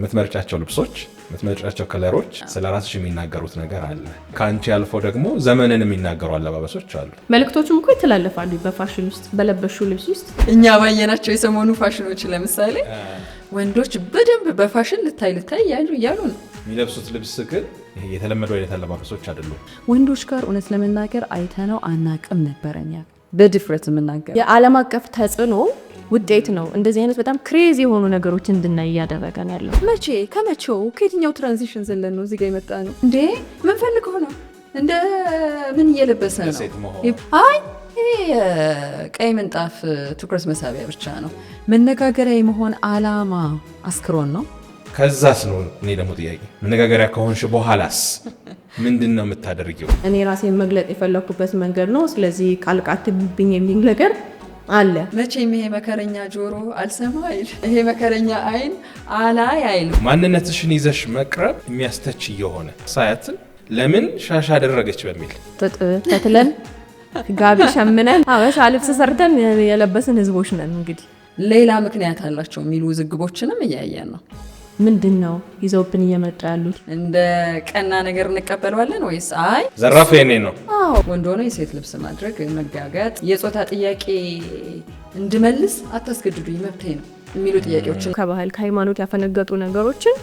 የምትመርጫቸው ልብሶች የምትመርጫቸው ከለሮች ስለ ራስሽ የሚናገሩት ነገር አለ። ከአንቺ ያልፎ ደግሞ ዘመንን የሚናገሩ አለባበሶች አሉ። መልእክቶችም እኮ ይተላለፋሉ በፋሽን ውስጥ በለበሹ ልብስ ውስጥ። እኛ ባየናቸው የሰሞኑ ፋሽኖች ለምሳሌ ወንዶች በደንብ በፋሽን ልታይ ልታይ ያሉ እያሉ ነው የሚለብሱት ልብስ ግን የተለመዱ አይነት አለባበሶች አይደሉም። ወንዶች ጋር እውነት ለመናገር አይተነው አናቅም ነበረኛ በድፍረት የምናገር የዓለም አቀፍ ተጽዕኖ ውጤት ነው። እንደዚህ አይነት በጣም ክሬዚ የሆኑ ነገሮች እንድናይ እያደረገን ያለው መቼ ከመቼው ከየትኛው ትራንዚሽን ዘለን ነው እዚህ የመጣ ነው እንዴ? ምን ፈልገው ነው እንደ ምን እየለበሰ ነው? አይ ቀይ ምንጣፍ ትኩረት መሳቢያ ብቻ ነው። መነጋገሪያ የመሆን አላማ አስክሮን ነው። ከዛስ ነው እኔ ደግሞ ጥያቄ መነጋገሪያ ከሆንሽ በኋላስ ምንድን ነው የምታደርጊው? እኔ ራሴን መግለጥ የፈለኩበት መንገድ ነው። ስለዚህ ቃልቃት ብኝ የሚል ነገር አለ። መቼም ይሄ መከረኛ ጆሮ አልሰማ አይል፣ ይሄ መከረኛ አይን አላይ አይል። ማንነትሽን ይዘሽ መቅረብ የሚያስተች እየሆነ ሳያትን ለምን ሻሻ አደረገች በሚል ጥጥ ተትለን ጋቢ ሸምነን አበሻ ልብስ ሰርተን የለበስን ህዝቦች ነን። እንግዲህ ሌላ ምክንያት አላቸው የሚሉ ውዝግቦችንም እያየን ነው። ምንድን ነው ይዘውብን እየመጡ ያሉት? እንደ ቀና ነገር እንቀበለዋለን ወይስ አይ ዘራፍ የኔ ነው? አዎ ወንድ የሴት ልብስ ማድረግ፣ መጋጋጥ፣ የጾታ ጥያቄ እንድመልስ አታስገድዱኝ፣ መብቴ ነው የሚሉ ጥያቄዎችን ከባህል ከሃይማኖት ያፈነገጡ ነገሮችን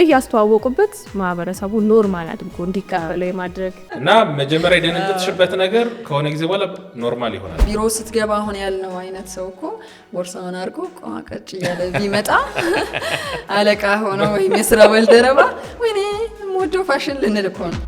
እያስተዋወቁበት ማህበረሰቡ ኖርማል አድርጎ እንዲቀበለው የማድረግ እና መጀመሪያ የደነገጥሽበት ነገር ከሆነ ጊዜ በኋላ ኖርማል ይሆናል። ቢሮ ስትገባ አሁን ያልነው አይነት ሰው እኮ ቦርሳውን አድርጎ ቀጭ እያለ ቢመጣ አለቃ ሆነ ወይም የስራ ባልደረባ ወይኔ ሞዶ ፋሽን ልንል እኮ ነው።